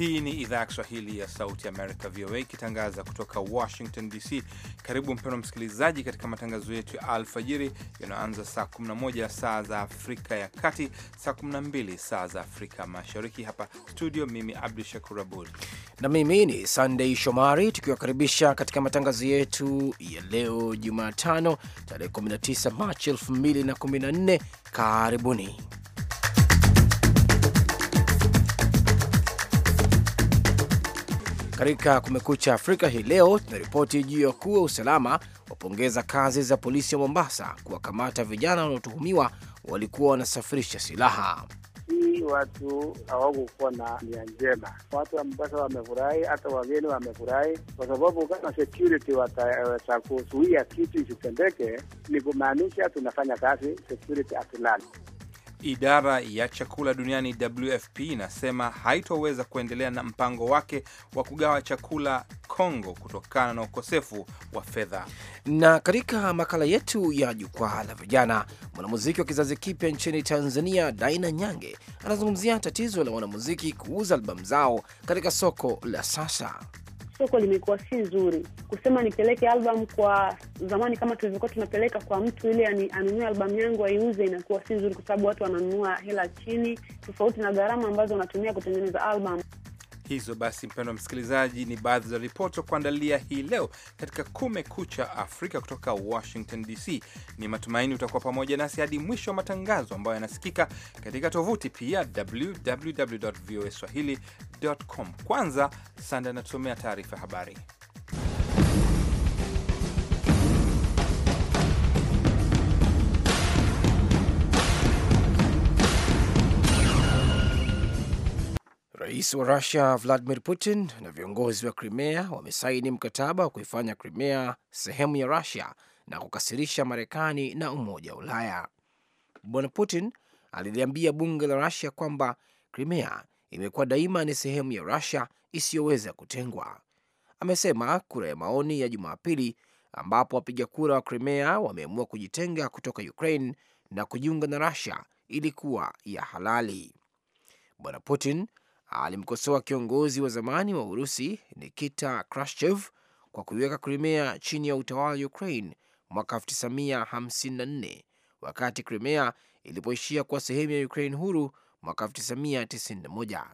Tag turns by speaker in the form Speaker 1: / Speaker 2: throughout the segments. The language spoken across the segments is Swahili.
Speaker 1: Hii ni idhaa ya Kiswahili ya Sauti Amerika, VOA, ikitangaza kutoka Washington DC. Karibu mpendwa msikilizaji, katika matangazo yetu ya alfajiri yanayoanza saa 11 saa za Afrika ya Kati, saa 12 saa za Afrika Mashariki. Hapa studio, mimi Abdu Shakur Abud
Speaker 2: na mimi ni Sandei Shomari, tukiwakaribisha katika matangazo yetu ya leo Jumatano tarehe 19 Machi 2014. Karibuni. Katika Kumekucha Afrika hii leo tunaripoti juu ya wakuu wa usalama wapongeza kazi za polisi ya Mombasa kuwakamata vijana wanaotuhumiwa walikuwa wanasafirisha silaha.
Speaker 3: Hii watu hawakukuwa na nia njema. Watu wa Mombasa wamefurahi, hata wageni wamefurahi, kwa sababu kama security wataweza kuzuia kitu isitendeke, ni kumaanisha tunafanya kazi, security atulali
Speaker 1: Idara ya chakula duniani WFP inasema haitoweza kuendelea na mpango wake wa kugawa chakula Kongo kutokana na ukosefu wa fedha.
Speaker 2: Na katika makala yetu ya jukwaa la vijana, mwanamuziki wa kizazi kipya nchini Tanzania Daina Nyange anazungumzia tatizo la wanamuziki kuuza albamu zao katika soko la sasa
Speaker 4: soko limekuwa si nzuri. Kusema nipeleke albamu kwa zamani, kama tulivyokuwa tunapeleka kwa mtu ile anunue albamu yangu aiuze, inakuwa si nzuri, kwa sababu watu wananunua hela chini, tofauti na gharama ambazo wanatumia kutengeneza albamu.
Speaker 1: Hizo basi, mpendwa msikilizaji, ni baadhi za ripoti za kuandalia hii leo katika Kume cha Afrika kutoka Washington DC. Ni matumaini utakuwa pamoja nasi hadi mwisho wa matangazo ambayo yanasikika katika tovuti pia www voa Kwanza Sanda anatusomea taarifa ya habari.
Speaker 2: Rais wa Rusia Vladimir Putin na viongozi wa Crimea wamesaini mkataba wa kuifanya Crimea sehemu ya Rusia na kukasirisha Marekani na Umoja wa Ulaya. Bwana Putin aliliambia bunge la Rusia kwamba Crimea imekuwa daima ni sehemu ya Rusia isiyoweza kutengwa. Amesema kura ya maoni ya Jumapili ambapo wapiga kura wa Crimea wameamua kujitenga kutoka Ukraine na kujiunga na Rusia ilikuwa ya halali. Bwana Putin alimkosoa kiongozi wa zamani wa Urusi Nikita Khrushchev kwa kuiweka Krimea chini ya utawala wa Ukraine mwaka 1954 wakati Krimea ilipoishia kuwa sehemu ya Ukraine huru mwaka 1991.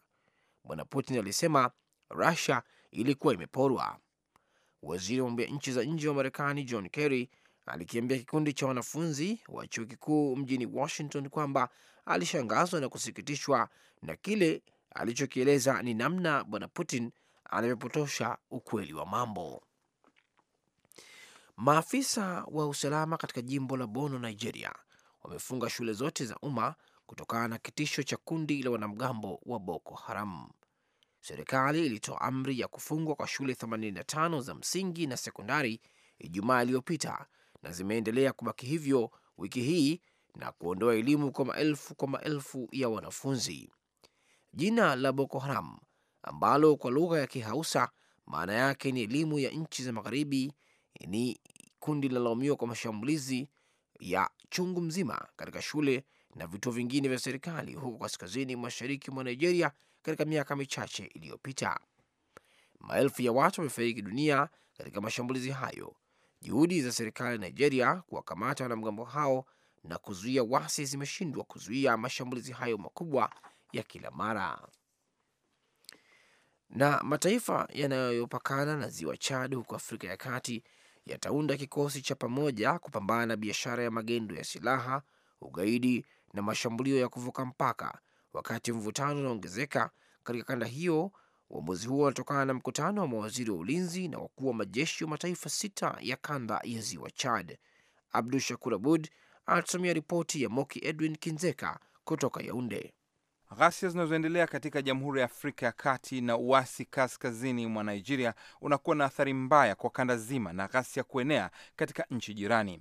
Speaker 2: Bwana Putin alisema Rusia ilikuwa imeporwa. Waziri wa mambo ya nchi za nje wa Marekani John Kerry alikiambia kikundi cha wanafunzi wa chuo kikuu mjini Washington kwamba alishangazwa na kusikitishwa na kile alichokieleza ni namna bwana Putin anavyopotosha ukweli wa mambo. Maafisa wa usalama katika jimbo la Bono, Nigeria, wamefunga shule zote za umma kutokana na kitisho cha kundi la wanamgambo wa Boko Haram. Serikali ilitoa amri ya kufungwa kwa shule 85 za msingi na sekondari Ijumaa iliyopita na zimeendelea kubaki hivyo wiki hii na kuondoa elimu kwa maelfu kwa maelfu ya wanafunzi. Jina la Boko Haram ambalo kwa lugha ya Kihausa maana yake ni elimu ya nchi za magharibi, ni kundi linalolaumiwa kwa mashambulizi ya chungu mzima katika shule na vituo vingine vya serikali huko kaskazini mashariki mwa Nigeria katika miaka michache iliyopita. Maelfu ya watu wamefariki dunia katika mashambulizi hayo. Juhudi za serikali ya Nigeria kuwakamata wanamgambo hao na kuzuia wasi zimeshindwa kuzuia mashambulizi hayo makubwa ya kila mara. Na mataifa yanayopakana na ziwa Chad huko Afrika ya Kati yataunda kikosi cha pamoja kupambana na biashara ya magendo ya silaha, ugaidi na mashambulio ya kuvuka mpaka, wakati mvutano unaongezeka katika kanda hiyo. Uamuzi huo unatokana na mkutano wa mawaziri wa ulinzi na wakuu wa majeshi wa mataifa sita ya kanda ya ziwa Chad. Abdu Shakur Abud anatusomia ripoti ya Moki Edwin Kinzeka kutoka Yaunde.
Speaker 1: Ghasia zinazoendelea katika Jamhuri ya Afrika ya Kati na uasi kaskazini mwa Nigeria unakuwa na athari mbaya kwa kanda zima na ghasia kuenea katika nchi jirani.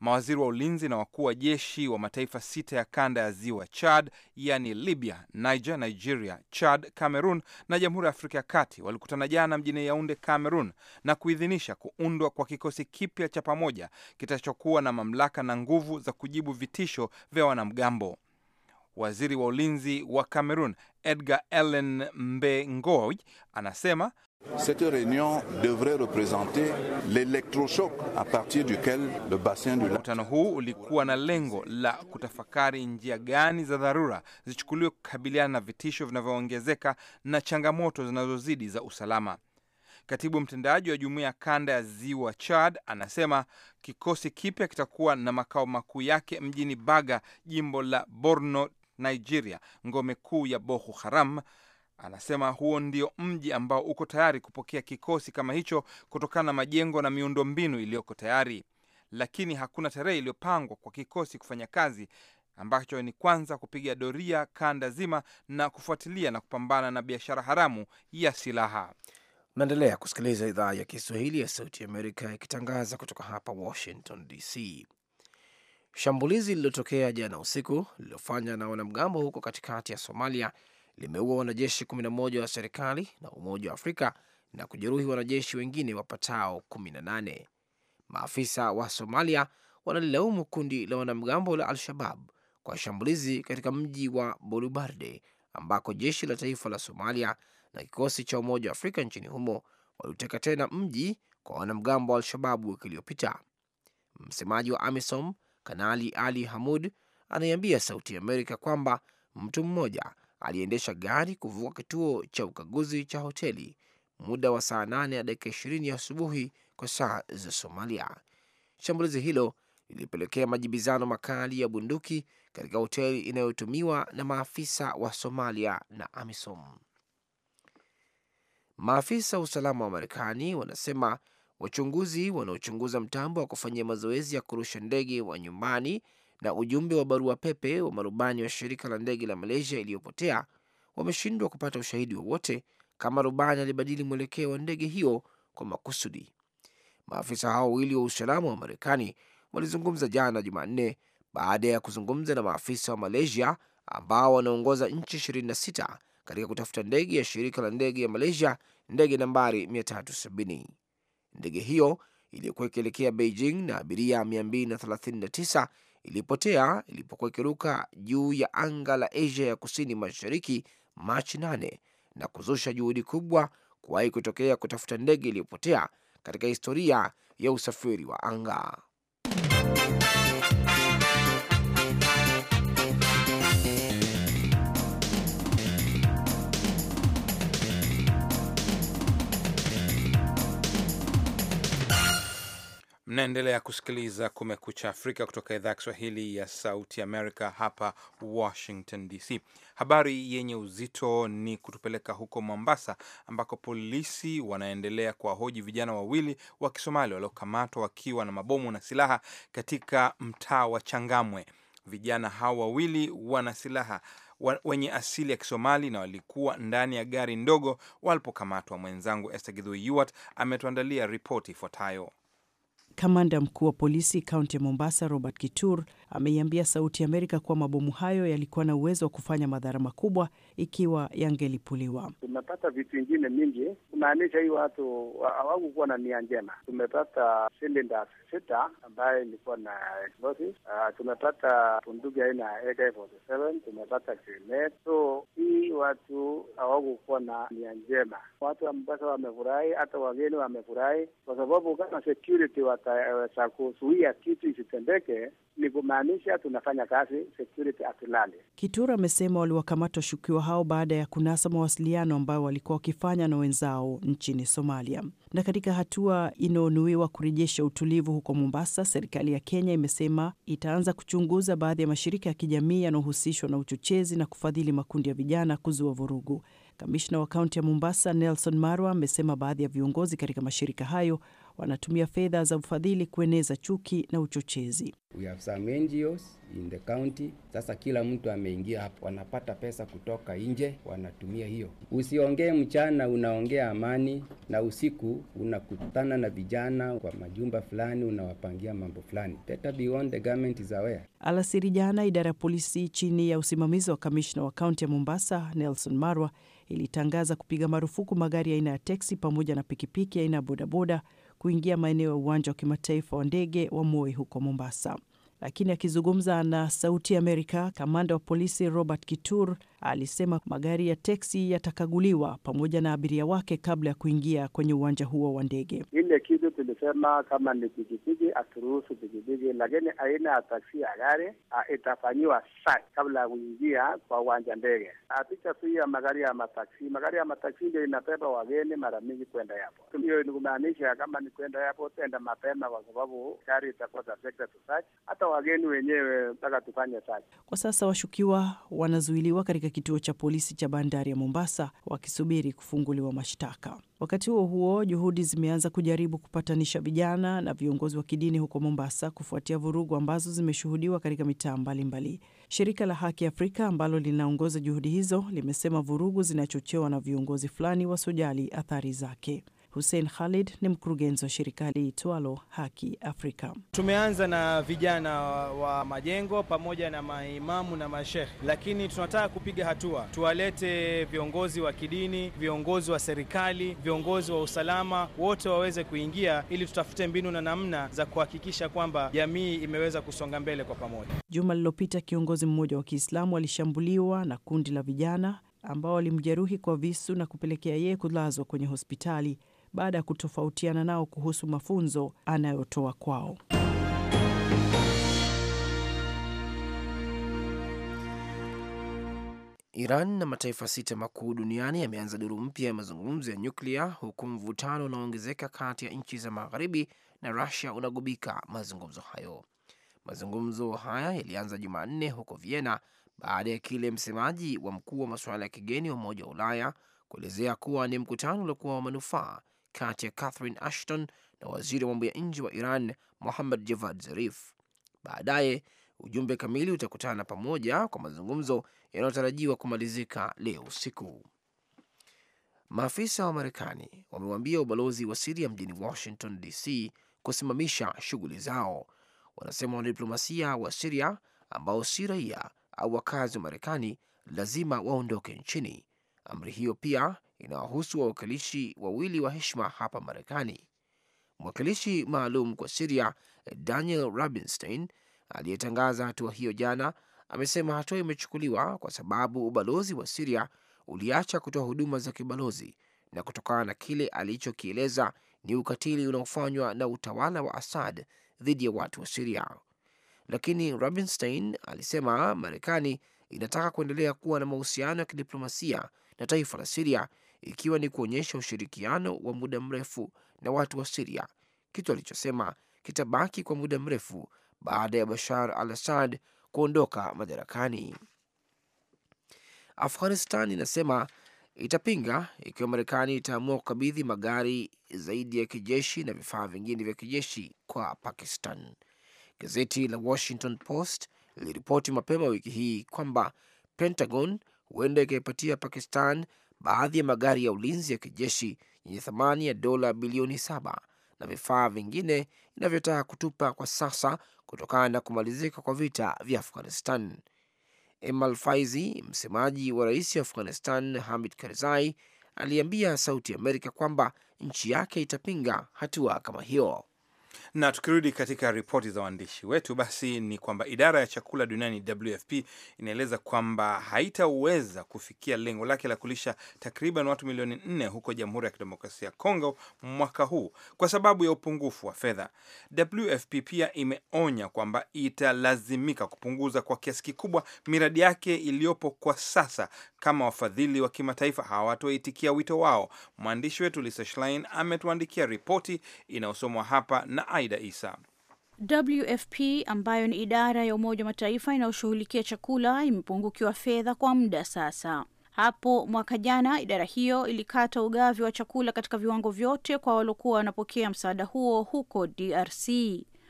Speaker 1: Mawaziri wa ulinzi na wakuu wa jeshi wa mataifa sita ya kanda ya ziwa Chad, yani Libya, Niger, Nigeria, Chad, Cameroon na Jamhuri ya Afrika ya Kati walikutana jana mjini Yaunde, Cameroon, na kuidhinisha kuundwa kwa kikosi kipya cha pamoja kitachokuwa na mamlaka na nguvu za kujibu vitisho vya wanamgambo. Waziri wa ulinzi wa Cameroon Edgar Ellen Mbengoy anasema Cette réunion devrait représenter l'electrochoc à partir duquel
Speaker 5: le bassin du Mkutano
Speaker 1: huu ulikuwa na lengo la kutafakari njia gani za dharura zichukuliwe kukabiliana na vitisho vinavyoongezeka na changamoto zinazozidi za usalama. Katibu mtendaji wa jumuiya ya kanda ya ziwa Chad anasema kikosi kipya kitakuwa na makao makuu yake mjini Baga, jimbo la Borno Nigeria, ngome kuu ya Boko Haram. Anasema huo ndio mji ambao uko tayari kupokea kikosi kama hicho kutokana na majengo na miundo mbinu iliyoko tayari, lakini hakuna tarehe iliyopangwa kwa kikosi kufanya kazi, ambacho ni kwanza kupiga doria kanda zima na kufuatilia na kupambana na biashara haramu ya silaha.
Speaker 2: Mnaendelea kusikiliza idhaa ya Kiswahili ya Sauti ya Amerika ikitangaza kutoka hapa Washington DC. Shambulizi lililotokea jana usiku lililofanywa na wanamgambo huko katikati ya Somalia limeua wanajeshi 11 wa serikali na Umoja wa Afrika na kujeruhi wanajeshi wengine wapatao 18. Maafisa wa Somalia wanalilaumu kundi la wanamgambo la Al-Shabab kwa shambulizi katika mji wa Bolubarde ambako jeshi la taifa la Somalia na kikosi cha Umoja wa Afrika nchini humo waliuteka tena mji kwa wanamgambo wa Al-Shababu wiki iliyopita. Msemaji wa AMISOM Kanali Ali Hamud anaiambia Sauti Amerika kwamba mtu mmoja aliendesha gari kuvuka kituo cha ukaguzi cha hoteli muda wa saa nane na dakika ishirini asubuhi kwa saa za Somalia. Shambulizi hilo lilipelekea majibizano makali ya bunduki katika hoteli inayotumiwa na maafisa wa Somalia na AMISOM. Maafisa wa usalama wa Marekani wanasema wachunguzi wanaochunguza mtambo wa kufanyia mazoezi ya kurusha ndege wa nyumbani na ujumbe wa barua pepe wa marubani wa shirika la ndege la Malaysia iliyopotea wameshindwa kupata ushahidi wowote kama rubani alibadili mwelekeo wa ndege hiyo kwa makusudi. Maafisa hao wawili wa usalama wa Marekani walizungumza jana Jumanne baada ya kuzungumza na maafisa wa Malaysia ambao wanaongoza nchi 26 katika kutafuta ndege ya shirika la ndege ya Malaysia, ndege nambari 370. Ndege hiyo iliyokuwa ikielekea Beijing na abiria 239 ilipotea ilipokuwa ikiruka juu ya anga la Asia ya kusini mashariki Machi 8 na kuzusha juhudi kubwa kuwahi kutokea kutafuta ndege iliyopotea katika historia ya usafiri wa anga.
Speaker 1: Mnaendelea kusikiliza Kumekucha Afrika kutoka idhaa ya Kiswahili ya Sauti Amerika hapa Washington DC. Habari yenye uzito ni kutupeleka huko Mombasa, ambako polisi wanaendelea kuwahoji vijana wawili wa Kisomali waliokamatwa wakiwa na mabomu na silaha katika mtaa wa Changamwe. Vijana hao wawili wana silaha wenye asili ya Kisomali na walikuwa ndani ya gari ndogo walipokamatwa. Mwenzangu Esther Githui ametuandalia ripoti ifuatayo.
Speaker 5: Kamanda mkuu wa polisi kaunti ya Mombasa, Robert Kitur, ameiambia Sauti ya Amerika kuwa mabomu hayo yalikuwa na uwezo wa kufanya madhara makubwa ikiwa yangelipuliwa.
Speaker 3: Tumepata vitu ingine mingi, kumaanisha hii watu hawakukuwa na nia njema. Tumepata silinda sita ambayo ilikuwa na explosive. Uh, ah, tumepata bunduki aina ya tumepata grenade. So hii watu hawakukuwa na nia njema. Watu wa Mombasa wamefurahi, hata wageni wamefurahi, kwa sababu kama security wata kuzuia kitu isitendeke ni kumaanisha tunafanya kazi security atulale.
Speaker 5: kitura amesema waliwakamata washukiwa hao baada ya kunasa mawasiliano ambayo walikuwa wakifanya na wenzao nchini Somalia. Na katika hatua inayonuiwa kurejesha utulivu huko Mombasa, serikali ya Kenya imesema itaanza kuchunguza baadhi ya mashirika ya kijamii yanayohusishwa na uchochezi na kufadhili makundi ya vijana kuzua vurugu. Kamishna wa kaunti ya Mombasa Nelson Marwa amesema baadhi ya viongozi katika mashirika hayo wanatumia fedha za ufadhili kueneza chuki na uchochezi.
Speaker 2: We have some NGOs in the county. Sasa kila mtu ameingia hapo, wanapata pesa kutoka nje, wanatumia hiyo. Usiongee mchana, unaongea amani, na usiku unakutana na vijana kwa majumba fulani, unawapangia mambo fulani. Better beyond the government is aware.
Speaker 5: Alasiri jana, idara ya polisi chini ya usimamizi wa kamishna wa kaunti ya Mombasa Nelson Marwa ilitangaza kupiga marufuku magari aina ya teksi pamoja na pikipiki aina ya bodaboda kuingia maeneo ya uwanja wa kimataifa wa ndege wa Moi huko Mombasa. Lakini akizungumza na Sauti ya Amerika, kamanda wa polisi Robert Kitur alisema magari ya teksi yatakaguliwa pamoja na abiria wake kabla ya kuingia kwenye uwanja huo wa ndege.
Speaker 3: Ile kitu tulisema kama ni pikipiki aturuhusu pikipiki, lakini aina ya taksi ya gari itafanyiwa sasa kabla ya kuingia kwa uwanja ndege. Picha tu ya magari ya mataksi, magari ya mataksi ndio inabeba wageni mara mingi kwenda yapo. Hiyo ni kumaanisha kama ni kwenda yapo, tenda mapema, kwa sababu gari itakuwa hata wageni wenyewe mpaka tufanye sasa.
Speaker 5: Kwa sasa washukiwa wanazuiliwa katika katika kituo cha polisi cha bandari ya Mombasa wakisubiri kufunguliwa mashtaka. Wakati huo huo, juhudi zimeanza kujaribu kupatanisha vijana na viongozi wa kidini huko Mombasa kufuatia vurugu ambazo zimeshuhudiwa katika mitaa mbalimbali. Shirika la Haki Afrika ambalo linaongoza juhudi hizo limesema vurugu zinachochewa na viongozi fulani wasiojali athari zake. Hussein Khalid ni mkurugenzi wa shirika liitwalo Haki Afrika.
Speaker 2: Tumeanza na vijana wa majengo pamoja na maimamu na mashekhe, lakini tunataka
Speaker 1: kupiga hatua, tuwalete viongozi wa kidini, viongozi wa serikali, viongozi wa usalama, wote waweze kuingia ili tutafute mbinu na namna za kuhakikisha kwamba jamii imeweza kusonga mbele kwa pamoja.
Speaker 5: Juma lililopita kiongozi mmoja wa Kiislamu alishambuliwa na kundi la vijana ambao walimjeruhi kwa visu na kupelekea yeye kulazwa kwenye hospitali baada ya kutofautiana nao kuhusu mafunzo anayotoa kwao.
Speaker 2: Iran na mataifa sita makuu duniani yameanza duru mpya ya mazungumzo ya nyuklia huku mvutano unaoongezeka kati ya nchi za magharibi na Rusia unagubika mazungumzo hayo. Mazungumzo haya yalianza Jumanne huko Vienna baada ya kile msemaji wa mkuu wa masuala ya kigeni wa Umoja wa Ulaya kuelezea kuwa ni mkutano uliokuwa wa manufaa kati ya Catherine Ashton na waziri wa mambo ya nje wa Iran Mohammad Javad Zarif. Baadaye ujumbe kamili utakutana pamoja kwa mazungumzo yanayotarajiwa kumalizika leo usiku. Maafisa wa Marekani wamewambia ubalozi wa Siria mjini Washington DC kusimamisha shughuli zao. Wanasema wanadiplomasia wa Siria ambao si raia au wakazi wa Marekani lazima waondoke nchini. Amri hiyo pia inawahusu wawakilishi wawili wa heshima hapa Marekani. Mwakilishi maalum kwa Siria Daniel Rubinstein aliyetangaza hatua hiyo jana amesema hatua imechukuliwa kwa sababu ubalozi wa Siria uliacha kutoa huduma za kibalozi na kutokana na kile alichokieleza ni ukatili unaofanywa na utawala wa Assad dhidi ya watu wa Siria. Lakini Rubinstein alisema Marekani inataka kuendelea kuwa na mahusiano ya kidiplomasia na taifa la Siria ikiwa ni kuonyesha ushirikiano wa muda mrefu na watu wa Siria, kitu alichosema kitabaki kwa muda mrefu baada ya Bashar al Assad kuondoka madarakani. Afghanistan inasema itapinga ikiwa Marekani itaamua kukabidhi magari zaidi ya kijeshi na vifaa vingine vya kijeshi kwa Pakistan. Gazeti la Washington Post liliripoti mapema wiki hii kwamba Pentagon huenda ikaipatia Pakistan baadhi ya magari ya ulinzi ya kijeshi yenye thamani ya dola bilioni saba na vifaa vingine inavyotaka kutupa kwa sasa kutokana na kumalizika kwa vita vya Afghanistan. Emal Faizi, msemaji wa rais wa Afghanistan Hamid Karzai, aliambia Sauti Amerika kwamba nchi yake itapinga hatua kama hiyo.
Speaker 1: Na tukirudi katika ripoti za waandishi wetu, basi ni kwamba idara ya chakula duniani WFP inaeleza kwamba haitaweza kufikia lengo lake la kulisha takriban watu milioni nne huko Jamhuri ya Kidemokrasia ya Kongo mwaka huu kwa sababu ya upungufu wa fedha. WFP pia imeonya kwamba italazimika kupunguza kwa kiasi kikubwa miradi yake iliyopo kwa sasa kama wafadhili wa kimataifa hawatoitikia wito wao. Mwandishi wetu Lisa Schlein ametuandikia ripoti inayosomwa hapa na Aida Isa.
Speaker 6: WFP ambayo ni idara ya Umoja wa Mataifa inayoshughulikia chakula imepungukiwa fedha kwa muda sasa. Hapo mwaka jana idara hiyo ilikata ugavi wa chakula katika viwango vyote kwa waliokuwa wanapokea msaada huo huko DRC.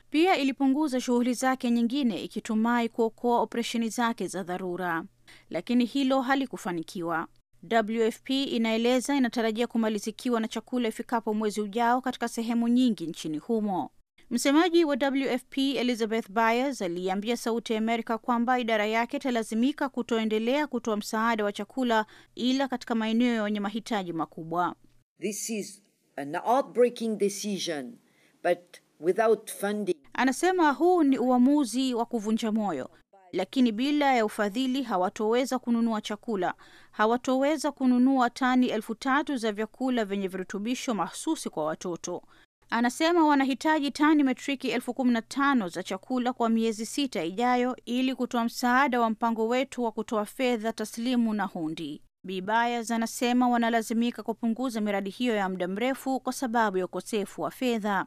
Speaker 6: Pia ilipunguza shughuli zake nyingine ikitumai kuokoa operesheni zake za dharura, lakini hilo halikufanikiwa. WFP inaeleza inatarajia kumalizikiwa na chakula ifikapo mwezi ujao katika sehemu nyingi nchini humo. Msemaji wa WFP Elizabeth Byers aliiambia Sauti ya Amerika kwamba idara yake italazimika kutoendelea kutoa msaada wa chakula ila katika maeneo yenye mahitaji makubwa. This is an decision, but without funding. Anasema huu ni uamuzi wa kuvunja moyo, lakini bila ya ufadhili hawatoweza kununua chakula. Hawatoweza kununua tani elfu tatu za vyakula vyenye virutubisho mahsusi kwa watoto. Anasema wanahitaji tani metriki elfu kumi na tano za chakula kwa miezi sita ijayo ili kutoa msaada wa mpango wetu wa kutoa fedha taslimu na hundi. Bibayas anasema wanalazimika kupunguza miradi hiyo ya muda mrefu kwa sababu ya ukosefu wa fedha.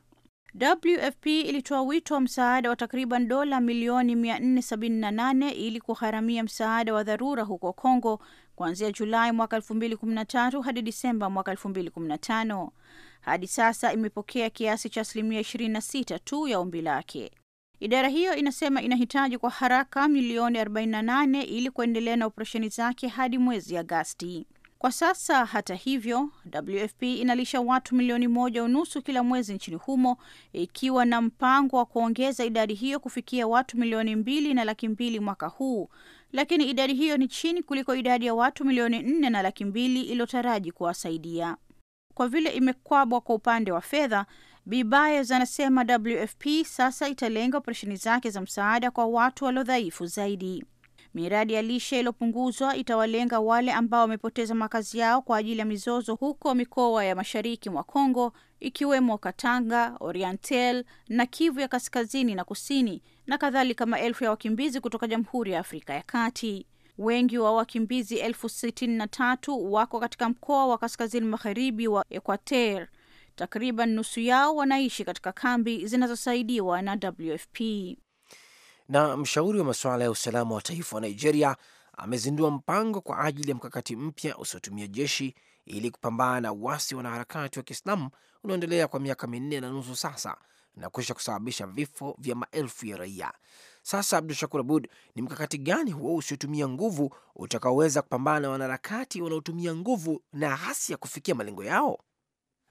Speaker 6: WFP ilitoa wito wa msaada wa takriban dola milioni 478 ili kugharamia msaada wa dharura huko Kongo kuanzia Julai mwaka 2013 hadi Disemba mwaka 2015 hadi sasa imepokea kiasi cha asilimia 26 tu ya ombi lake. Idara hiyo inasema inahitaji kwa haraka milioni 48 ili kuendelea na operesheni zake hadi mwezi Agasti. Kwa sasa, hata hivyo, WFP inalisha watu milioni moja unusu kila mwezi nchini humo, ikiwa na mpango wa kuongeza idadi hiyo kufikia watu milioni mbili na laki mbili mwaka huu, lakini idadi hiyo ni chini kuliko idadi ya watu milioni nne na laki mbili iliyotaraji kuwasaidia kwa vile imekwabwa kwa upande wa fedha. Bi anasema WFP sasa italenga operesheni zake za msaada kwa watu waliodhaifu zaidi. Miradi ya lishe iliyopunguzwa itawalenga wale ambao wamepoteza makazi yao kwa ajili ya mizozo huko mikoa ya mashariki mwa Kongo, ikiwemo Katanga, Oriental na Kivu ya kaskazini na kusini, na kadhalika maelfu ya wakimbizi kutoka Jamhuri ya Afrika ya Kati. Wengi wa wakimbizi elfu sitini na tatu wako katika mkoa wa kaskazini magharibi wa Equateur. Takriban nusu yao wanaishi katika kambi zinazosaidiwa na WFP.
Speaker 2: Na mshauri wa masuala ya usalama wa taifa wa Nigeria amezindua mpango kwa ajili ya mkakati mpya usiotumia jeshi ili kupambana na uasi wanaharakati wa Kiislamu unaoendelea kwa miaka minne na nusu sasa na kuisha kusababisha vifo vya maelfu ya raia. Sasa, Abdu Shakur Abud, ni mkakati gani huo usiotumia nguvu utakaoweza kupambana na wanaharakati wanaotumia nguvu na ya kufikia malengo yao?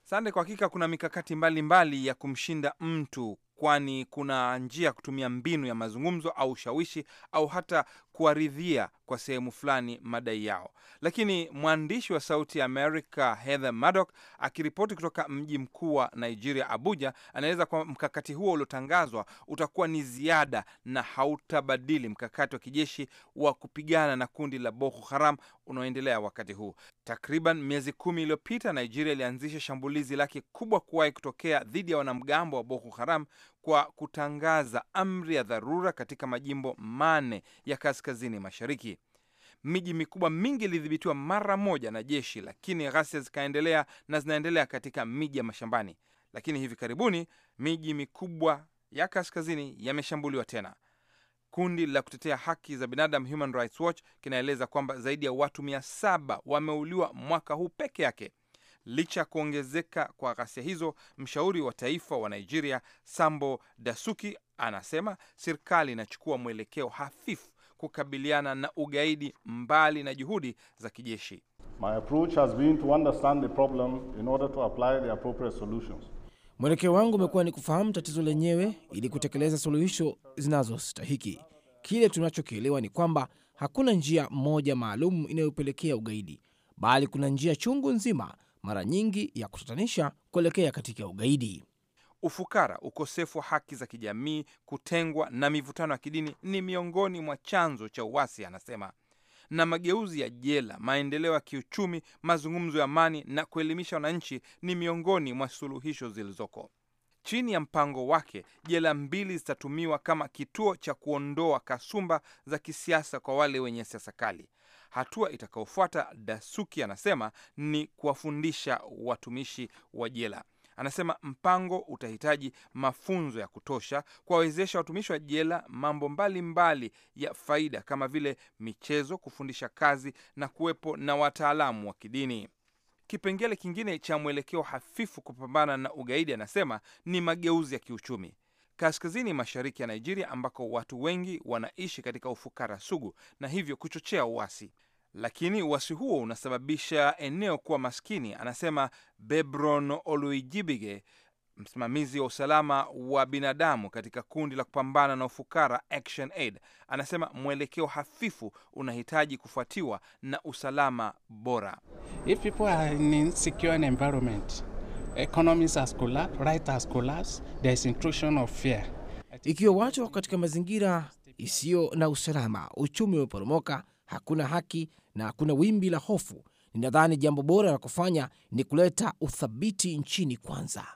Speaker 2: Sande,
Speaker 1: kwa hakika kuna mikakati mbalimbali mbali ya kumshinda mtu kwani kuna njia ya kutumia mbinu ya mazungumzo au ushawishi au hata kuwaridhia kwa sehemu fulani madai yao. Lakini mwandishi wa Sauti ya Amerika Heather Maddock akiripoti kutoka mji mkuu wa Nigeria, Abuja, anaeleza kwamba mkakati huo uliotangazwa utakuwa ni ziada na hautabadili mkakati wa kijeshi wa kupigana na kundi la Boko Haram unaoendelea wakati huu. Takriban miezi kumi iliyopita, Nigeria ilianzisha shambulizi lake kubwa kuwahi kutokea dhidi ya wanamgambo wa Boko Haram kwa kutangaza amri ya dharura katika majimbo mane ya kaskazini mashariki. Miji mikubwa mingi ilidhibitiwa mara moja na jeshi, lakini ghasia zikaendelea na zinaendelea katika miji ya mashambani. Lakini hivi karibuni miji mikubwa ya kaskazini yameshambuliwa tena. Kundi la kutetea haki za binadamu Human Rights Watch kinaeleza kwamba zaidi ya watu mia saba wameuliwa mwaka huu peke yake licha ya kuongezeka kwa ghasia hizo. Mshauri wa taifa wa Nigeria Sambo Dasuki anasema serikali inachukua mwelekeo hafifu kukabiliana na ugaidi, mbali na
Speaker 3: juhudi za kijeshi.
Speaker 2: Mwelekeo wangu umekuwa ni kufahamu tatizo lenyewe ili kutekeleza suluhisho zinazostahiki. Kile tunachokielewa ni kwamba hakuna njia moja maalum inayopelekea ugaidi, bali kuna njia chungu nzima mara nyingi ya kutatanisha kuelekea katika ugaidi.
Speaker 1: Ufukara, ukosefu wa haki za kijamii, kutengwa na mivutano ya kidini ni miongoni mwa chanzo cha uasi, anasema. Na mageuzi ya jela, maendeleo ya kiuchumi, mazungumzo ya amani na kuelimisha wananchi ni miongoni mwa suluhisho zilizoko. Chini ya mpango wake, jela mbili zitatumiwa kama kituo cha kuondoa kasumba za kisiasa kwa wale wenye siasa kali. Hatua itakayofuata, Dasuki anasema ni kuwafundisha watumishi wa jela. Anasema mpango utahitaji mafunzo ya kutosha kuwawezesha watumishi wa jela mambo mbalimbali mbali ya faida kama vile michezo, kufundisha kazi na kuwepo na wataalamu wa kidini. Kipengele kingine cha mwelekeo hafifu kupambana na ugaidi, anasema ni mageuzi ya kiuchumi kaskazini mashariki ya Nigeria, ambako watu wengi wanaishi katika ufukara sugu na hivyo kuchochea uasi lakini uasi huo unasababisha eneo kuwa maskini, anasema Bebron Oluijibige, msimamizi wa usalama wa binadamu katika kundi la kupambana na ufukara Action Aid. Anasema mwelekeo hafifu unahitaji kufuatiwa na usalama bora. If people are in insecure environment
Speaker 2: economies has collapsed, right has collapsed, there is intrusion of fear. Ikiwa watu wako katika mazingira isiyo na usalama, uchumi umeporomoka, hakuna haki na hakuna wimbi la hofu, ninadhani jambo bora la kufanya ni kuleta uthabiti nchini kwanza.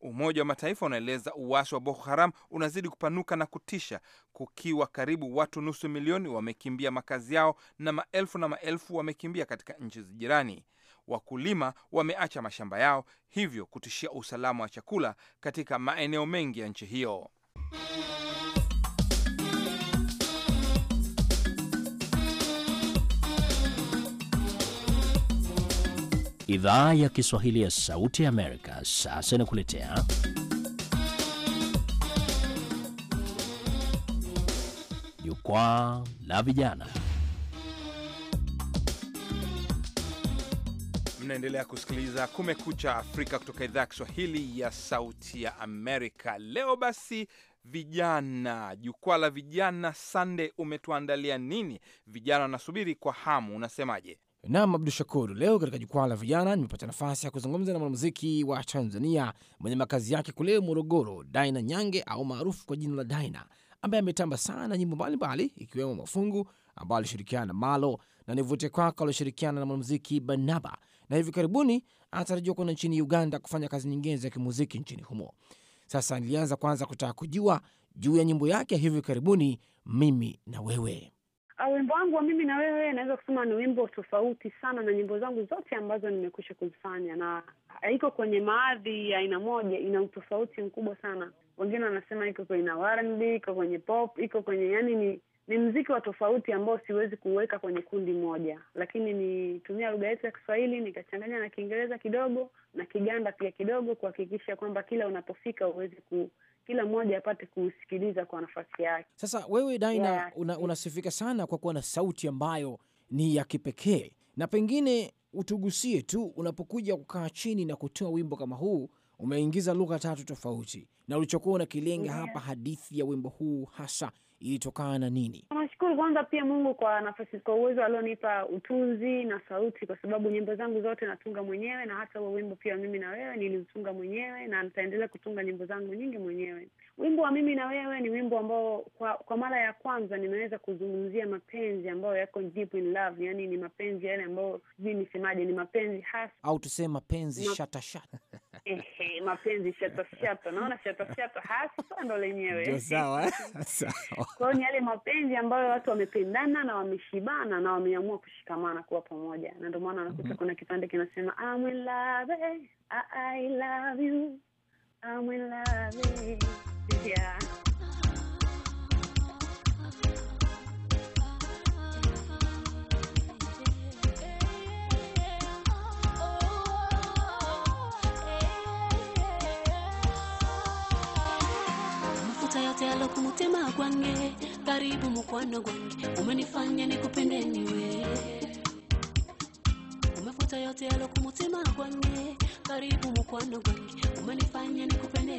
Speaker 1: Umoja wa Mataifa unaeleza uasi wa Boko Haram unazidi kupanuka na kutisha, kukiwa karibu watu nusu milioni wamekimbia makazi yao na maelfu na maelfu wamekimbia katika nchi jirani wakulima wameacha mashamba yao, hivyo kutishia usalama wa chakula katika maeneo mengi ya nchi hiyo.
Speaker 2: Idhaa ya Kiswahili ya Sauti ya Amerika sasa inakuletea
Speaker 5: jukwaa la vijana.
Speaker 1: Mnaendelea kusikiliza Kumekucha Afrika kutoka idhaa ya Kiswahili ya Sauti ya Amerika. Leo basi Vijana, jukwaa la vijana. Sande, umetuandalia nini? Vijana wanasubiri kwa hamu,
Speaker 2: unasemaje? Naam, Abdu Shakur, leo katika jukwaa la vijana nimepata nafasi ya kuzungumza na mwanamuziki wa Tanzania mwenye makazi yake kule Morogoro, Daina Nyange au maarufu kwa jina la Daina, ambaye ametamba sana nyimbo mbalimbali ikiwemo Mafungu ambayo alishirikiana na Malo na Nivute Kwako alioshirikiana na mwanamuziki Banaba na hivi karibuni anatarajiwa kwenda nchini Uganda kufanya kazi nyingine za kimuziki nchini humo. Sasa nilianza kwanza kutaka kujua juu ya nyimbo yake hivi karibuni, mimi na wewe.
Speaker 4: Ah, wimbo wangu wa mimi na wewe naweza kusema ni wimbo tofauti sana na nyimbo zangu zote ambazo nimekwisha kuzifanya, na iko kwenye maadhi ya aina moja, ina utofauti mkubwa sana. Wengine wanasema iko kwenye R&B, iko kwenye pop, iko kwenye yani, ni ni mziki wa tofauti ambao siwezi kuweka kwenye kundi moja, lakini nitumia lugha yetu ya Kiswahili nikachanganya na Kiingereza kidogo na Kiganda pia kidogo, kuhakikisha kwamba kila unapofika uweze ku kila mmoja apate kusikiliza kwa nafasi yake. Sasa wewe Daina, yeah,
Speaker 2: una, unasifika sana kwa kuwa na sauti ambayo ni ya kipekee, na pengine utugusie tu unapokuja kukaa chini na kutoa wimbo kama huu umeingiza lugha tatu tofauti, na ulichokuwa unakilenga yeah, hapa hadithi ya wimbo huu hasa ilitokana na nini?
Speaker 4: Nashukuru kwanza pia Mungu kwa nafasi, kwa uwezo alionipa utunzi na sauti, kwa sababu nyimbo zangu zote natunga mwenyewe, na hata huo wimbo pia mimi na wewe niliutunga mwenyewe, na nitaendelea kutunga nyimbo zangu nyingi mwenyewe. Wimbo wa mimi na wewe ni wimbo ambao kwa, kwa mara ya kwanza nimeweza kuzungumzia mapenzi ambayo yako deep in love, yani ni mapenzi yale ambayo sijui nisemaje, ni mapenzi hasa
Speaker 2: au tuseme mapenzi Ma... shata shata
Speaker 4: mapenzi shata shata, naona shata shata hasa ndo lenyewe sawa
Speaker 5: sawa.
Speaker 4: ni yale mapenzi ambayo watu wamependana na wameshibana na wameamua kushikamana kuwa pamoja, na ndio maana unakuta mm -hmm. kuna kipande kinasema I'm in love, eh, I love you, I'm in love eh. Yeah. mafuta karibu mukwano gwange umenifanya nikupende niwe yote yaloku mutima gwange karibu mukwano gwange umenifanya nikupende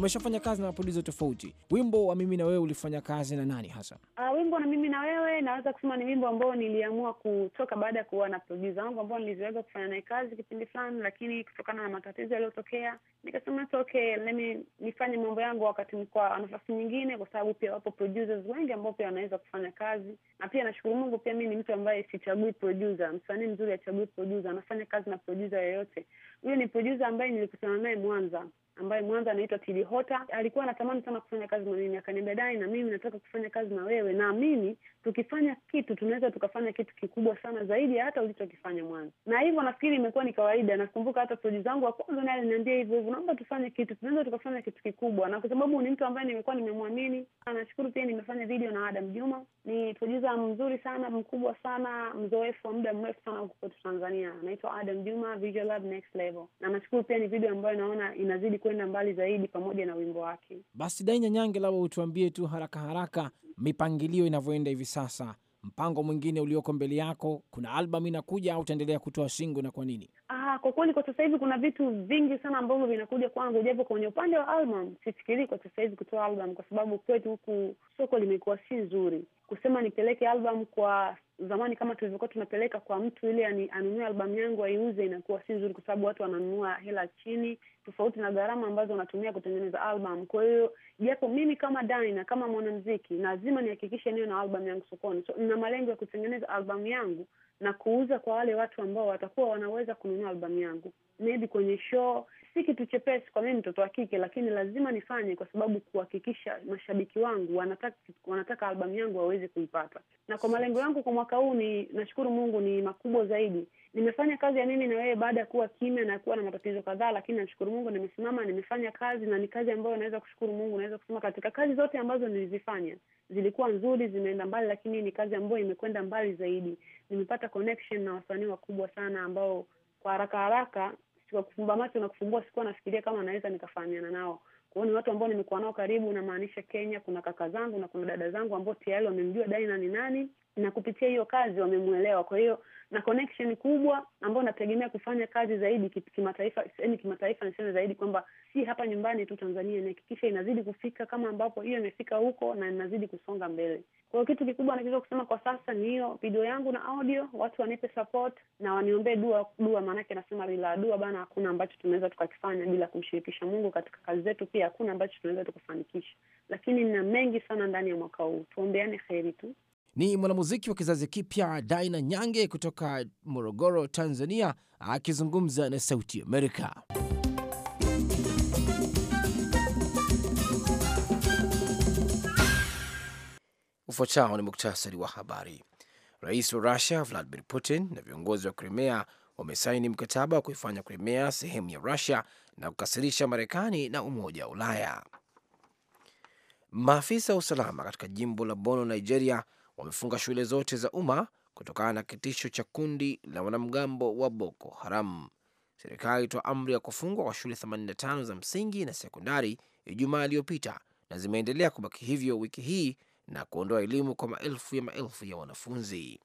Speaker 2: Umeshafanya kazi na maprodusa tofauti. Wimbo wa mimi na wewe ulifanya kazi na nani hasa?
Speaker 4: Uh, wimbo na mimi na wewe naweza kusema ni wimbo ambao niliamua kutoka baada ya kuwa na produsa wangu ambao niliziweza kufanya naye kazi kipindi fulani, lakini kutokana na matatizo yaliyotokea nikasema okay, lemi nifanye mambo yangu wakati kwa nafasi nyingine, kwa sababu pia wapo producers wengi ambao pia wanaweza kufanya kazi, na pia nashukuru Mungu, pia mi ni mtu ambaye sichagui produsa. Msanii mzuri achagui produsa, anafanya kazi na produsa yoyote Huyu ni producer ambaye nilikutana naye Mwanza, ambaye Mwanza anaitwa Tilihota. Alikuwa anatamani sana kufanya kazi na mimi, akaniambia dai, na mimi nataka kufanya kazi na wewe, na mimi tukifanya kitu tunaweza tukafanya kitu kikubwa sana zaidi ya hata ulichokifanya mwanza Na hivyo nafikiri imekuwa ni kawaida. Nakumbuka hata proji zangu wa kwanza naye aliniambia hivyo hivyo, naomba tufanye kitu, tunaweza tukafanya kitu kikubwa. Na kwa sababu ni mtu ambaye nimekuwa nimemwamini, nashukuru pia nimefanya video na Adam Juma. Ni producer mzuri sana, mkubwa sana, mzoefu wa muda mrefu sana huko kwetu Tanzania, anaitwa Adam Juma, Visual Lab Next Level level, na nashukuru pia ni video ambayo naona inazidi kwenda mbali zaidi pamoja na wimbo wake.
Speaker 2: Basi Dai Nyanyange, labda utuambie tu haraka haraka mipangilio inavyoenda hivi sasa, mpango mwingine ulioko mbele yako, kuna albamu inakuja au utaendelea kutoa singo na kwa nini?
Speaker 4: Ah, kwa kweli kwa sasa hivi kuna vitu vingi sana ambavyo vinakuja kwangu, japo kwenye upande wa album sifikirii kwa sasa hivi kutoa album, kwa sababu kwetu huku soko limekuwa si nzuri. Kusema nipeleke album kwa zamani, kama tulivyokuwa tunapeleka kwa mtu ile anunue albamu yangu aiuze, inakuwa si nzuri, kwa sababu watu wananunua hela chini, tofauti na gharama ambazo wanatumia kutengeneza album. Kwa hiyo japo mimi kama Dani na kama mwanamuziki lazima nihakikishe niwe na albamu yangu sokoni, so nina malengo ya kutengeneza albamu yangu na kuuza kwa wale watu ambao watakuwa wanaweza kununua albamu yangu maybe kwenye show. Si kitu chepesi kwa mimi mtoto wa kike, lakini lazima nifanye kwa sababu kuhakikisha mashabiki wangu wanataka, wanataka albamu yangu waweze kuipata. Na kwa malengo yangu kwa mwaka huu ni nashukuru Mungu ni makubwa zaidi. Nimefanya kazi ya mimi na wewe baada ya kuwa kimya na kuwa na matatizo kadhaa, lakini nashukuru Mungu nimesimama, nimefanya kazi na ni kazi ambayo naweza kushukuru Mungu. Naweza kusema katika kazi zote ambazo nilizifanya zilikuwa nzuri, zimeenda mbali, lakini ni kazi ambayo imekwenda mbali zaidi. Nimepata connection na wasanii wakubwa sana ambao kwa haraka haraka, kwa kufumba macho na kufumbua, sikuwa nafikiria kama naweza nikafahamiana nao. Kwa hiyo ni watu ambao nimekuwa nao karibu, namaanisha Kenya, kuna kaka zangu na kuna dada zangu ambao tayari wamemjua Daina ni nani na kupitia hiyo kazi wamemwelewa. Kwa hiyo na connection kubwa ambayo nategemea kufanya kazi zaidi kimataifa, yani kimataifa niseme zaidi kwamba si hapa nyumbani tu Tanzania, nihakikisha inazidi kufika kama ambapo hiyo imefika huko na inazidi kusonga mbele. Kwa hiyo kitu kikubwa nachoweza kusema kwa sasa ni hiyo video yangu na audio, watu wanipe support na waniombee dua, dua maanake nasema bila dua bana, hakuna ambacho tunaweza tukakifanya bila kumshirikisha Mungu katika kazi zetu, pia hakuna ambacho tunaweza tukafanikisha. Lakini nina mengi sana ndani ya mwaka huu, tuombeane kheri tu.
Speaker 2: Ni mwanamuziki wa kizazi kipya Daina Nyange kutoka Morogoro, Tanzania, akizungumza na Sauti Amerika. Ufuatao ni muktasari wa habari. Rais wa Rusia Vladimir Putin na viongozi wa Krimea wamesaini mkataba wa kuifanya Krimea sehemu ya Rusia na kukasirisha Marekani na Umoja wa Ulaya. Maafisa wa usalama katika jimbo la Bono, Nigeria, wamefunga shule zote za umma kutokana na kitisho cha kundi la wanamgambo wa Boko Haram. Serikali ilitoa amri ya kufungwa kwa shule 85 za msingi na sekondari Ijumaa iliyopita na zimeendelea kubaki hivyo wiki hii na kuondoa elimu kwa maelfu ya maelfu ya wanafunzi.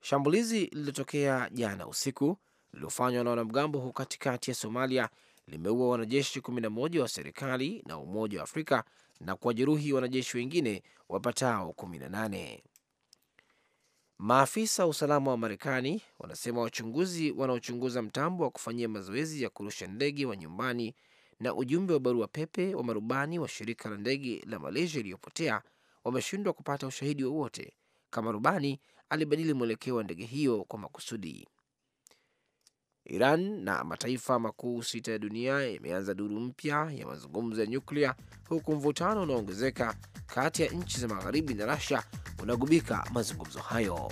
Speaker 2: Shambulizi lililotokea jana usiku lililofanywa na wanamgambo huko katikati ya Somalia limeua wanajeshi 11 wa serikali na Umoja wa Afrika na kuwajeruhi wanajeshi wengine wapatao 18. Maafisa wa usalama wa Marekani wanasema wachunguzi wanaochunguza mtambo wa kufanyia mazoezi ya kurusha ndege wa nyumbani na ujumbe wa barua pepe wa marubani wa shirika la ndege la Malaysia iliyopotea wameshindwa kupata ushahidi wowote kama rubani alibadili mwelekeo wa ndege hiyo kwa makusudi. Iran na mataifa makuu sita ya dunia yameanza duru mpya ya mazungumzo ya nyuklia, huku mvutano unaoongezeka kati ya nchi za magharibi na rasia unagubika mazungumzo hayo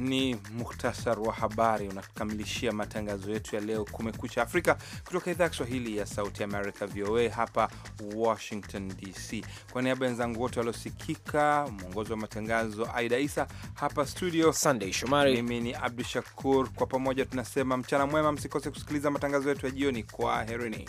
Speaker 2: ni muhtasar wa habari
Speaker 1: unakamilishia matangazo yetu ya leo, Kumekucha Afrika, kutoka idhaa ya Kiswahili ya Sauti Amerika, VOA hapa Washington DC. Kwa niaba ya wenzangu wote waliosikika, mwongozi wa matangazo Aida Isa, hapa studio sandey Shomari, mimi ni Abdu Shakur, kwa pamoja tunasema mchana mwema, msikose kusikiliza matangazo yetu ya jioni. kwa herini